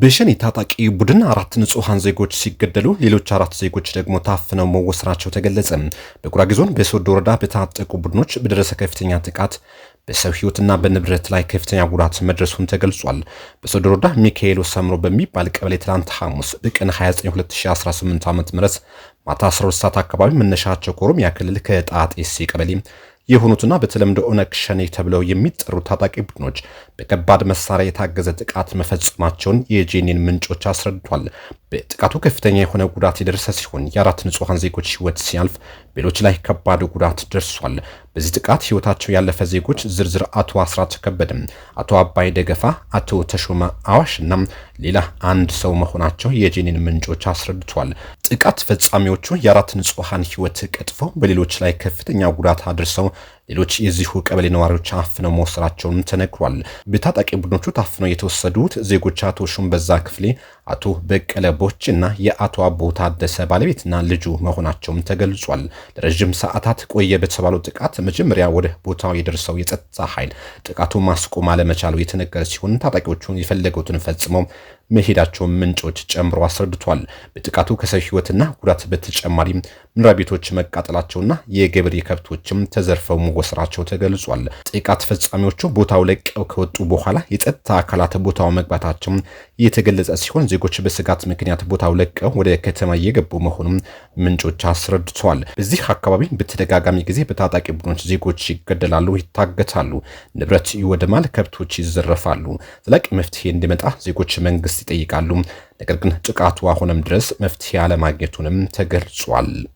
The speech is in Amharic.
በሸኔ ታጣቂ ቡድን አራት ንጹሐን ዜጎች ሲገደሉ ሌሎች አራት ዜጎች ደግሞ ታፍነው መወሰናቸው ተገለጸ። በጉራጌ ዞን በሶዶ ወረዳ በታጠቁ ቡድኖች በደረሰ ከፍተኛ ጥቃት በሰው ህይወትና በንብረት ላይ ከፍተኛ ጉዳት መድረሱን ተገልጿል። በሶዶ ወረዳ ሚካኤል ወሳምሮ በሚባል ቀበሌ ትላንት ሐሙስ በቀን 292018 ዓ ም ማታ 12 ሰዓት አካባቢ መነሻቸው ከኦሮሚያ ክልል ከጣጤሴ ቀበሌ የሆኑትና በተለምዶ ኦነግ ሸኔ ተብለው የሚጠሩ ታጣቂ ቡድኖች በከባድ መሳሪያ የታገዘ ጥቃት መፈጸማቸውን የጄኔን ምንጮች አስረድቷል። በጥቃቱ ከፍተኛ የሆነ ጉዳት የደረሰ ሲሆን የአራት ንጹሐን ዜጎች ህይወት ሲያልፍ በሌሎች ላይ ከባድ ጉዳት ደርሷል። በዚህ ጥቃት ህይወታቸው ያለፈ ዜጎች ዝርዝር አቶ አስራት ከበደ፣ አቶ አባይ ደገፋ፣ አቶ ተሾመ አዋሽ እና ሌላ አንድ ሰው መሆናቸው የጄኔን ምንጮች አስረድቷል። ጥቃት ፈጻሚዎቹ የአራት ንጹሐን ህይወት ቀጥፈው በሌሎች ላይ ከፍተኛ ጉዳት አድርሰው ሌሎች የዚሁ ቀበሌ ነዋሪዎች አፍነው መወሰዳቸውንም ተነግሯል። በታጣቂ ቡድኖቹ ታፍነው የተወሰዱት ዜጎች አቶ ሹምበዛ ክፍሌ፣ አቶ በቀለ ቦች እና የአቶ አቦ ታደሰ ባለቤትና ልጁ መሆናቸውም ተገልጿል። ለረዥም ሰዓታት ቆየ በተባለው ጥቃት መጀመሪያ ወደ ቦታው የደርሰው የጸጥታ ኃይል ጥቃቱ ማስቆም አለመቻሉ የተነገረ ሲሆን ታጣቂዎቹን የፈለገውትን ፈጽመው መሄዳቸውን ምንጮች ጨምሮ አስረድቷል። በጥቃቱ ከሰው ህይወትና ጉዳት በተጨማሪም መኖሪያ ቤቶች መቃጠላቸውና የገበሬ ከብቶችም ተዘርፈው መወሰራቸው ተገልጿል። ጥቃት ፈጻሚዎቹ ቦታው ለቀው ከወጡ በኋላ የጸጥታ አካላት ቦታው መግባታቸው የተገለጸ ሲሆን ዜጎች በስጋት ምክንያት ቦታው ለቀው ወደ ከተማ እየገቡ መሆኑም ምንጮች አስረድተዋል። በዚህ አካባቢ በተደጋጋሚ ጊዜ በታጣቂ ቡድኖች ዜጎች ይገደላሉ፣ ይታገታሉ፣ ንብረት ይወድማል፣ ከብቶች ይዘረፋሉ። ዘላቂ መፍትሄ እንዲመጣ ዜጎች መንግስት ይጠይቃሉ። ነገር ግን ጥቃቱ አሁንም ድረስ መፍትሄ አለማግኘቱንም ተገልጿል።